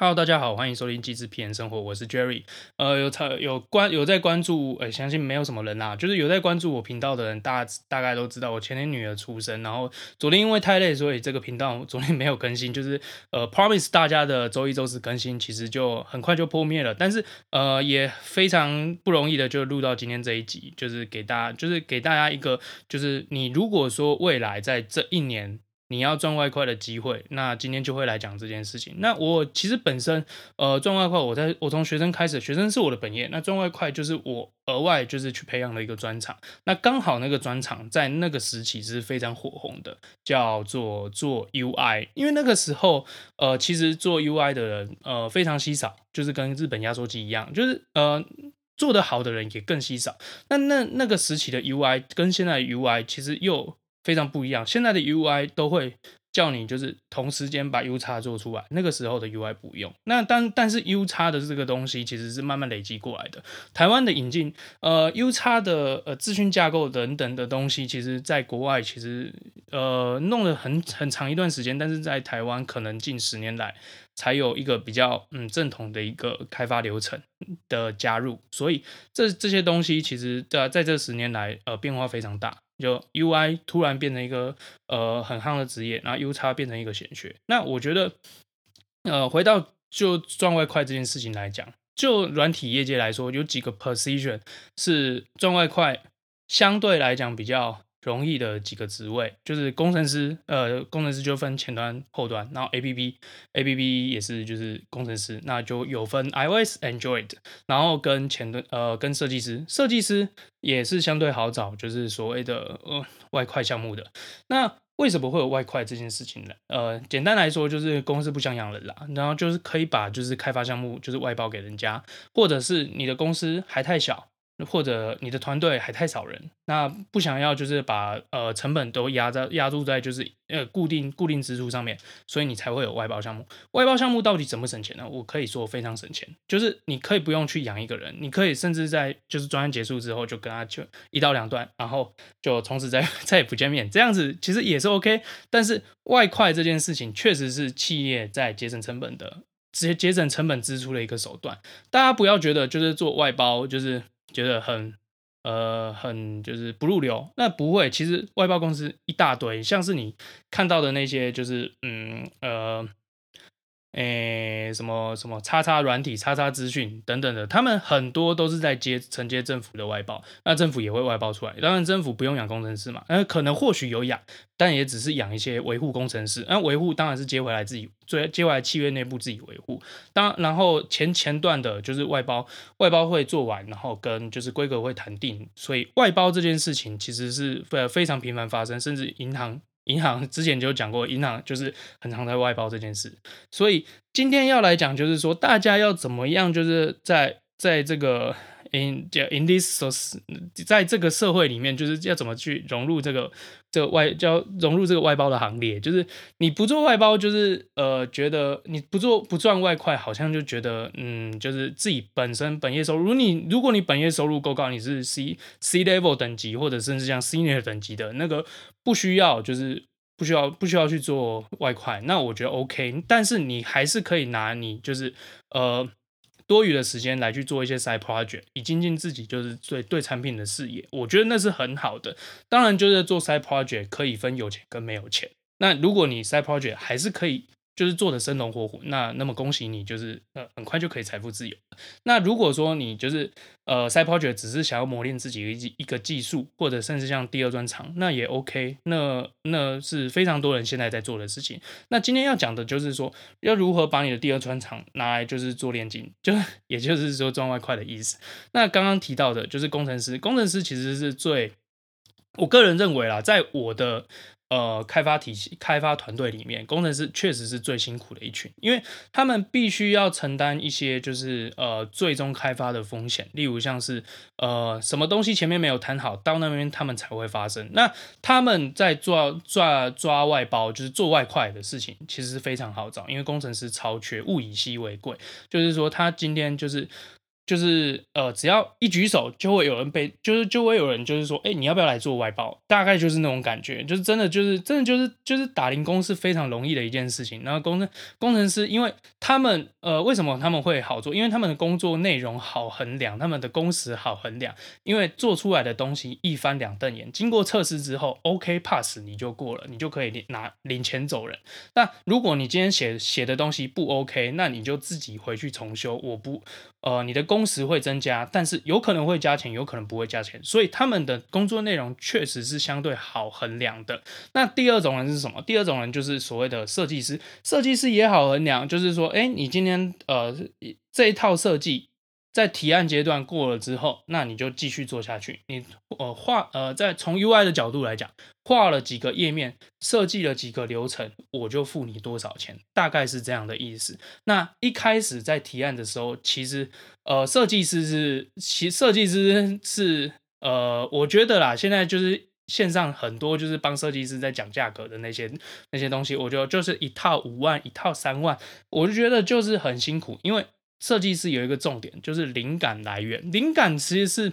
Hello，大家好，歡迎收聽機智 PM 生活，我是 Jerry。呃，有有關有，有在關注，呃，相信沒有什麼人啦，啊，就是有在關注我頻道的人，大大概都知道，我前天女兒出生，然後昨天因為太累，所以這個頻道我昨天沒有更新，就是呃，Promise 大家的周一、周四更新，其實就很快就破滅了。但是呃，也非常不容易的，就錄到今天這一集，就是給大家，就是給大家一個，就是你如果說未來在這一年。你要賺外快的機會，那今天就會來講這件事情。那我其實本身，呃，賺外快，我在我從學生開始，學生是我的本業，那賺外快就是我額外就是去培養了一個專長。那剛好那個專長在那個時期是非常火紅的，叫做做 UI。因為那個時候，呃，其實做 UI 的人，呃，非常稀少，就是跟日本壓縮機一樣，就是呃，做得好的人也更稀少。那那那個時期的 UI 跟現在的 UI 其實又。非常不一樣，現在的 UI 都會叫你就是同時間把 U 叉做出來，那個時候的 UI 不用。那但但是 U 叉的這個東西其實是慢慢累積過來的。台灣的引進，呃，U 叉的呃資訊架構等等的東西，其實在國外其實呃弄了很很長一段時間，但是在台灣可能近十年來才有一個比較嗯正統的一個開發流程的加入，所以這這些東西其實在、呃、在這十年來呃變化非常大。就 UI 突然變成一個呃很夯的職業，然後 UX 變成一個玄學，那我覺得，呃，回到就賺外快這件事情來講，就軟體業界來說，有幾個 position 是賺外快，相對來講比較容易的幾個職位就是工程師，呃，工程師就分前端、後端，然後 APP、APP 也是就是工程師，那就有分 iOS、Android，然後跟前端呃跟設計師，設計師也是相對好找，就是所謂的呃外快項目的。那為什麼會有外快這件事情呢？呃，簡單來說就是公司不想養人啦，然後就是可以把就是開發項目就是外包給人家，或者是你的公司還太小。或者你的團隊還太少人，那不想要就是把呃成本都壓在壓住在就是呃固定固定支出上面，所以你才會有外包項目。外包項目到底怎麼省錢呢、啊？我可以說非常省錢，就是你可以不用去養一個人，你可以甚至在就是專案結束之後就跟他就一刀兩斷，然後就從此再再也不見面，這樣子其實也是 OK。但是外快這件事情確實是企業在節省成本的節節省成本支出的一個手段，大家不要覺得就是做外包就是。覺得很，呃，很就是不入流。那不會，其實外包公司一大堆，像是你看到的那些，就是嗯，呃。誒，什麼什麼叉叉軟體、叉叉資訊等等的，他們很多都是在接承接政府的外包，那政府也會外包出來。當然，政府不用養工程師嘛，那可能或許有養，但也只是養一些維護工程師。那維護當然是接回來，自己接回來企業內部自己維護。當然，然後前前段的就是外包，外包會做完，然後跟就是規格會談定。所以外包這件事情其實是非常非常頻繁發生，甚至銀行。銀行之前就講過，銀行就是很常在外包這件事，所以今天要來講，就是說大家要怎麼樣，就是在在這個。in in this 社，在這個社會裡面，就是要怎麼去融入這個這個、外，就要融入這個外包的行列。就是你不做外包，就是呃，覺得你不做不賺外快，好像就覺得嗯，就是自己本身本業收入。你如果你本業收入夠高，你是 C C level 等級，或者甚至像 senior 等級的那個，不需要就是不需要不需要去做外快。那我覺得 OK，但是你還是可以拿你就是呃。多餘的時間來去做一些 side project，以精進自己就是對對產品的視野，我覺得那是很好的。當然，就是做 side project 可以分有錢跟沒有錢。那如果你 side project 還是可以。就是做的生龍活虎，那那麼恭喜你，就是呃很快就可以財富自由。那如果說你就是呃 side project，只是想要磨練自己一一個技術，或者甚至像第二專長，那也 OK 那。那那是非常多人現在在做的事情。那今天要講的就是說，要如何把你的第二專長拿來就是做煉金，就是也就是說賺外快的意思。那剛剛提到的就是工程師，工程師其實是最，我個人認為啦，在我的。呃，開發體系、開發團隊裡面，工程師確實是最辛苦的一群，因為他們必須要承擔一些就是呃最終開發的風險，例如像是呃什麼東西前面沒有談好，到那邊他們才會發生。那他們在抓抓抓外包，就是做外快的事情，其實是非常好找，因為工程師超缺，物以稀為貴，就是說他今天就是。就是呃，只要一舉手，就會有人被，就是就會有人，就是說，欸，你要不要來做外包？大概就是那種感覺，就是真的，就是真的，就是就是打零工是非常容易的一件事情。然後工程工程師，因為他們呃，為什麼他們會好做？因為他們的工作內容好衡量，他們的工時好衡量。因為做出來的東西一翻兩瞪眼，經過測試之後，OK pass，你就過了，你就可以拿領錢走人。那如果你今天寫寫的東西不 OK，那你就自己回去重修。我不。呃，你的工時會增加，但是有可能會加錢，有可能不會加錢，所以他們的工作內容確實是相對好衡量的。那第二種人是什麼？第二種人就是所謂的設計師，設計師也好衡量，就是說，誒，你今天呃這一套設計。在提案階段過了之後，那你就繼續做下去。你呃畫呃，再從 UI 的角度來講，畫了幾個頁面，設計了幾個流程，我就付你多少錢，大概是這樣的意思。那一開始在提案的時候，其實呃，設計師是，其設計師是呃，我覺得啦，現在就是線上很多就是幫設計師在講價格的那些那些東西，我覺得就是一套五萬，一套三萬，我就覺得就是很辛苦，因為。設計師有一個重點，就是靈感來源。靈感其實是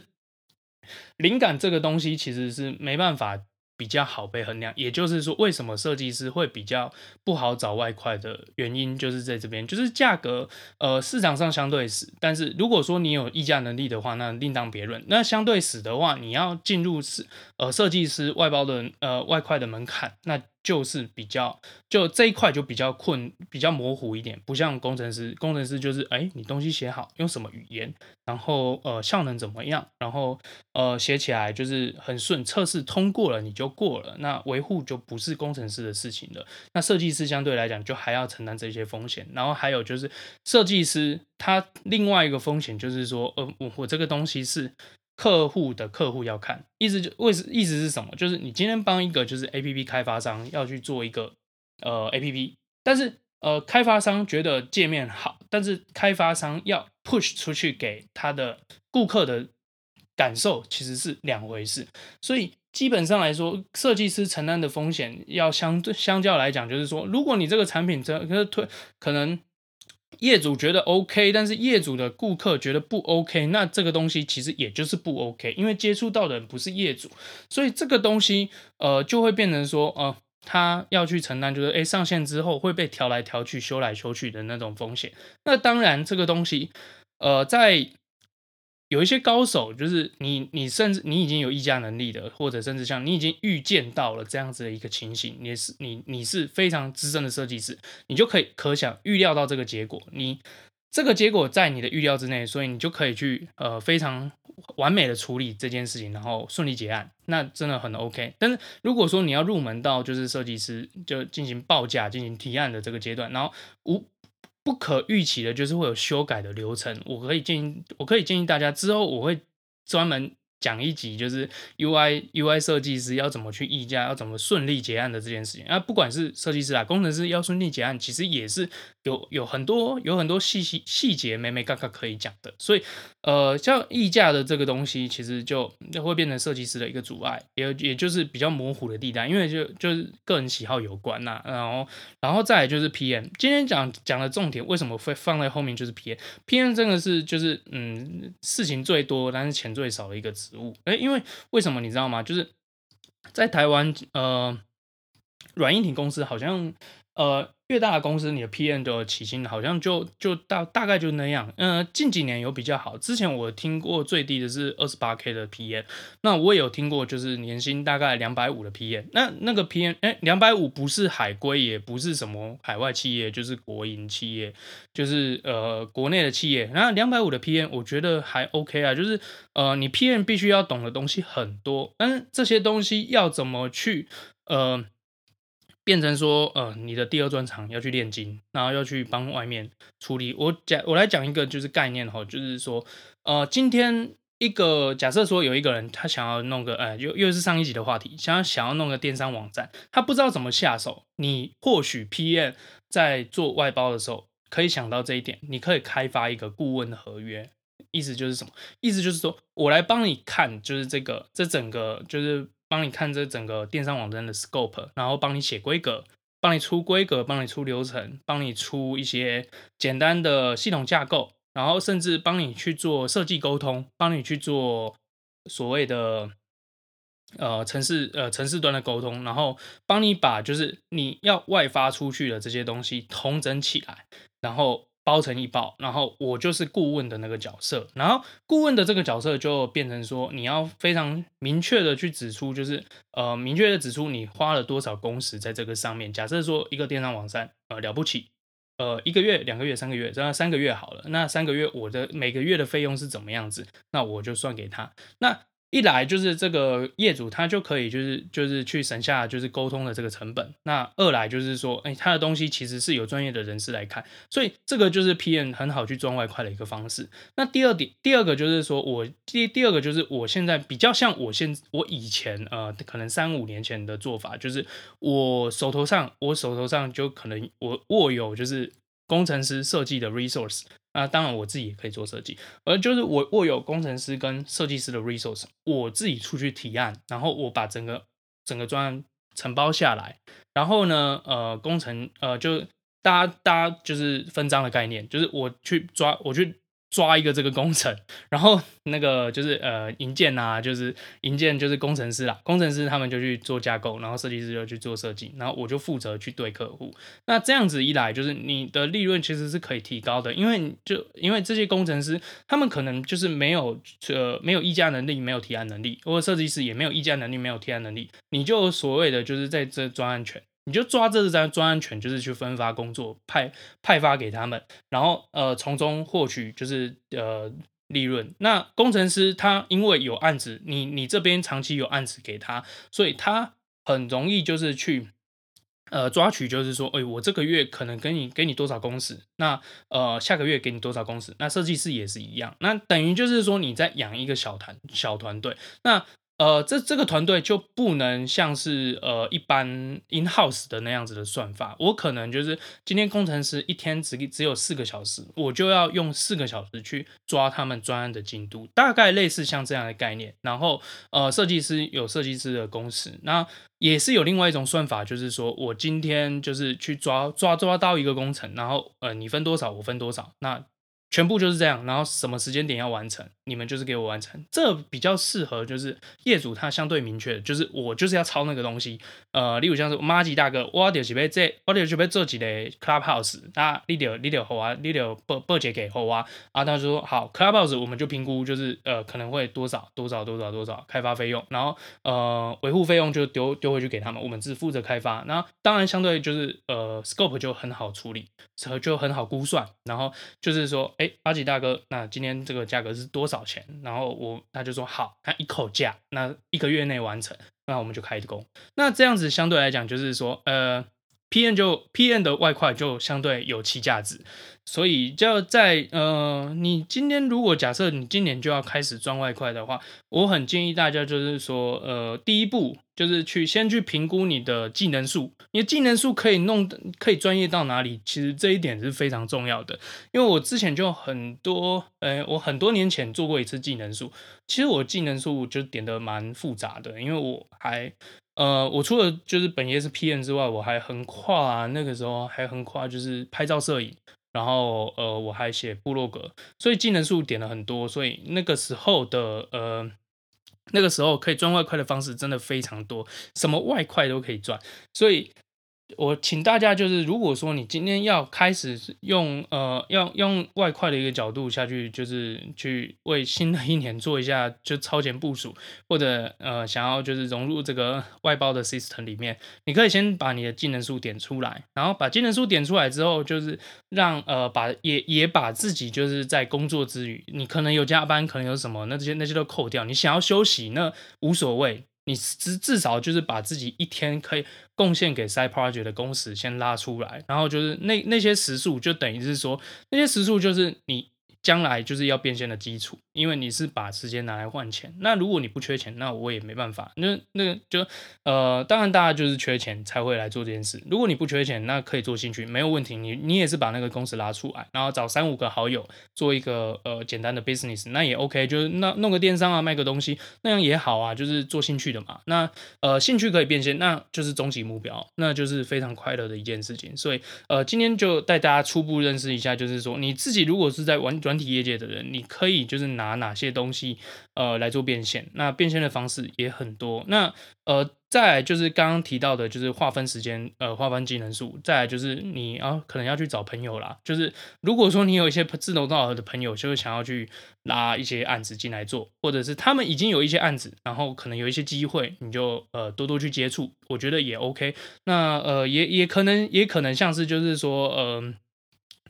靈感這個東西，其實是沒辦法比較好被衡量。也就是說，為什麼設計師會比較不好找外快的原因，就是在這邊，就是價格，呃，市場上相對死。但是如果說你有議價能力的話，那另當別論。那相對死的話，你要進入是呃設計師外包的呃外快的門檻，那。就是比較，就這一塊就比較困，比較模糊一點，不像工程師，工程師就是，哎、欸，你東西寫好，用什麼語言，然後呃，效能怎麼樣，然後呃，寫起來就是很順，測試通過了你就過了，那維護就不是工程師的事情了。那設計師相對來講就還要承擔這些風險，然後還有就是設計師他另外一個風險就是說，呃，我我這個東西是。客戶的客戶要看，意思就為意思是什麼？就是你今天幫一個就是 APP 開發商要去做一個呃 APP，但是呃開發商覺得界面好，但是開發商要 push 出去給他的顧客的感受其實是兩回事，所以基本上來說，設計師承擔的風險要相對相較來講，就是說，如果你這個產品真的推，可能。業主覺得 OK，但是業主的顧客覺得不 OK，那這個東西其實也就是不 OK，因為接觸到的人不是業主，所以這個東西呃就會變成說，呃，他要去承擔，就是誒、欸、上線之後會被調來調去、修來修去的那種風險。那當然，這個東西呃在。有一些高手，就是你，你甚至你已經有議價能力的，或者甚至像你已經預見到了這樣子的一個情形，你是你你是非常資深的設計師，你就可以可想預料到這個結果，你這個結果在你的預料之內，所以你就可以去呃非常完美的處理這件事情，然後順利結案，那真的很 OK。但是如果說你要入門到就是設計師就進行報價、進行提案的這個階段，然後無。呃不可預期的，就是會有修改的流程。我可以建議，我可以建議大家之後，我會專門，講一集就是 UI UI 設計師要怎麼去議價？要怎麼順利結案的這件事情啊，不管是設計師啊，工程師要順利結案，其實也是有有很多有很多細細細節，每每剛剛可以講的。所以呃，像議價的這個東西，其實就，就會變成設計師的一個阻礙，也也就是比較模糊的地帶，因為就就是個人喜好有關吶、啊。然後然後再來就是 PM，今天講講的重點為什麼會放在後面，就是 PM PM 真的是就是嗯，事情最多，但是錢最少的一個字。食物，哎，因為為什麼你知道嗎？就是在台灣，呃，軟硬體公司好像，呃。越大的公司，你的 PM 的起薪好像就就大大概就那樣。嗯、呃，近幾年有比較好。之前我聽過最低的是二十八 K 的 PM。那我也有聽過，就是年薪大概兩百五的 PM。那那個 PM，哎、欸，兩百五不是海歸，也不是什麼海外企業，就是國營企業，就是呃國內的企業。那兩百五的 PM，我覺得還 OK 啊。就是呃，你 PM 必須要懂的東西很多，但是這些東西要怎麼去呃。變成說，呃，你的第二專長要去煉金，然後要去幫外面處理。我講，我來講一個就是概念哈，就是說，呃，今天一個假設說有一個人他想要弄個，呃、欸，又又是上一集的話題，想要想要弄個電商網站，他不知道怎麼下手。你或許 PM 在做外包的時候可以想到這一點，你可以開發一個顧問合約，意思就是什麼？意思就是說我來幫你看，就是這個這整個就是。幫你看這整個電商網站的 scope，然後幫你寫規格，幫你出規格，幫你出流程，幫你出一些簡單的系統架構，然後甚至幫你去做設計溝通，幫你去做所謂的呃程式呃程式端的溝通，然後幫你把就是你要外發出去的這些東西統整起來，然後。包成一包，然後我就是顧問的那個角色，然後顧問的這個角色就變成說，你要非常明確的去指出，就是呃，明確的指出你花了多少工時在這個上面。假設說一個電商網站，呃，了不起，呃，一個月、兩個月、三個月，這樣三個月好了，那三個月我的每個月的費用是怎麼樣子？那我就算給他。那一來就是這個業主他就可以就是就是去省下就是溝通的這個成本，那二來就是說，哎，他的東西其實是有專業的人士來看，所以這個就是 PM 很好去賺外快的一個方式。那第二點，第二個就是說我第第二個就是我現在比較像我現在我以前呃，可能三五年前的做法就是我手頭上我手頭上就可能我握有就是工程師設計的 resource。啊，當然，我自己也可以做設計，而就是我我有工程師跟設計師的 resource，我自己出去提案，然後我把整個整個專案承包下來，然後呢，呃，工程呃就大家大家就是分贓的概念，就是我去抓我去。抓一個這個工程，然後那個就是呃，銀建吶，就是銀建就是工程師啦，工程師他們就去做架構，然後設計師就去做設計，然後我就負責去對客戶。那這樣子一來，就是你的利潤其實是可以提高的，因為就因為這些工程師他們可能就是沒有呃沒有議價能力，沒有提案能力，或者設計師也沒有議價能力，沒有提案能力，你就所謂的就是在這專案權。你就抓這個專案權，就是去分發工作派派發給他們，然後呃從中獲取就是呃利潤。那工程師他因為有案子，你你這邊長期有案子給他，所以他很容易就是去呃抓取，就是說，誒、欸、我這個月可能給你給你多少工時，那呃下個月給你多少工時。那設計師也是一樣，那等於就是說你在養一個小團小團隊，那。呃，這這個團隊就不能像是呃一般 in house 的那樣子的算法。我可能就是今天工程師一天只只有四個小時，我就要用四個小時去抓他們專案的進度，大概類似像這樣的概念。然後呃，設計師有設計師的工時，那也是有另外一種算法，就是說我今天就是去抓抓抓到一個工程，然後呃你分多少我分多少，那全部就是這樣。然後什麼時間點要完成？你們就是給我完成，這個，比較適合，就是業主他相對明確，就是我就是要抄那個東西。呃，例如像是麻吉大哥，我得準備這，我得準備這幾類 clubhouse，那那那後啊，那不不借給後啊，啊，他就說好 clubhouse，我們就評估就是呃可能會多少多少多少多少開發費用，然後呃維護費用就丟丟回去給他們，我們只負責開發。那當然相對就是呃 scope 就很好處理，就很好估算。然後就是說，哎，欸，麻吉大哥，那今天這個價格是多少？少錢，然後我他就說好，他一口價，那一個月內完成，那我們就開工。那這樣子相對來講，就是說，呃。P N 就 P N 的外快就相對有其價值，所以就在呃，你今天如果假設你今年就要開始賺外快的話，我很建議大家就是說，呃，第一步就是去先去評估你的技能樹，你的技能樹可以弄可以專業到哪裡，其實這一點是非常重要的。因為我之前就很多，呃、欸，我很多年前做過一次技能樹，其實我技能樹就點得蠻複雜的，因為我還。呃，我除了就是本業是 P N 之外，我還橫跨、啊，那個時候還橫跨就是拍照攝影，然後呃，我還寫部落格，所以技能數點了很多，所以那個時候的呃，那個時候可以賺外快的方式真的非常多，什麼外快都可以賺，所以。我請大家就是，如果說你今天要開始用呃，要用外快的一個角度下去，就是去為新的一年做一下就超前部署，或者呃想要就是融入這個外包的 system 裡面，你可以先把你的技能樹點出來，然後把技能樹點出來之後，就是讓呃把也也把自己就是在工作之餘，你可能有加班，可能有什麼，那這些那些都扣掉，你想要休息那無所謂。你至至少就是把自己一天可以貢獻給 Side Project 的工時先拉出來，然後就是那那些時數就等於是說，那些時數就是你。將來就是要變現的基礎，因為你是把時間拿來換錢。那如果你不缺錢，那我也沒辦法。那那就呃，當然大家就是缺錢才會來做這件事。如果你不缺錢，那可以做興趣，沒有問題。你你也是把那個公司拉出來，然後找三五個好友做一個呃簡單的 business，那也 OK 就。就是那弄個電商啊，賣個東西，那樣也好啊，就是做興趣的嘛。那呃，興趣可以變現，那就是終極目標，那就是非常快樂的一件事情。所以呃，今天就帶大家初步認識一下，就是說你自己如果是在玩轉。整體業界的人，你可以就是拿哪些東西，呃，來做變現？那變現的方式也很多。那呃，再來就是剛剛提到的，就是劃分時間，呃，劃分技能數。再來就是你啊、哦，可能要去找朋友啦。就是如果說你有一些志同道合的朋友，就是想要去拉一些案子進來做，或者是他們已經有一些案子，然後可能有一些機會，你就呃多多去接觸，我覺得也 OK。那呃，也也可能也可能像是就是說呃。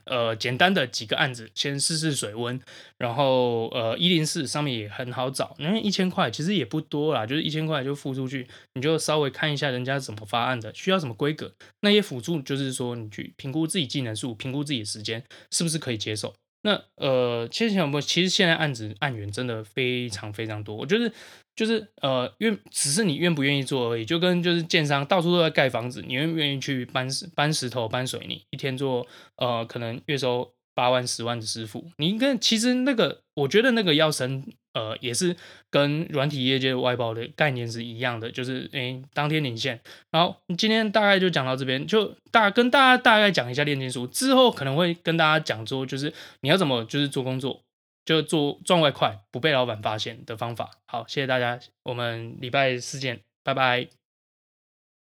呃，簡單的幾個案子，先試試水溫，然後呃，一零四上面也很好找，因為一千塊其實也不多啦，就是一千塊就付出去，你就稍微看一下人家怎麼發案的，需要什麼規格，那些輔助就是說你去評估自己技能數，評估自己的時間，是不是可以接受。那呃，其實有沒其實現在案子案源真的非常非常多。我覺得就是、就是、呃，願只是你願不願意做而已。就跟就是建商到處都在蓋房子，你願不願意去搬石搬石頭、搬水泥？一天做呃，可能月收八萬、十萬的師傅，你應該其實那個，我覺得那個要升。呃，也是跟軟體業界外包的概念是一樣的，就是誒、欸，當天領現。然後今天大概就講到這邊，就大跟大家大概講一下煉金術之後，可能會跟大家講說，就是你要怎麼就是做工作，就做賺外快不被老闆發現的方法。好，謝謝大家，我們禮拜四見，拜拜。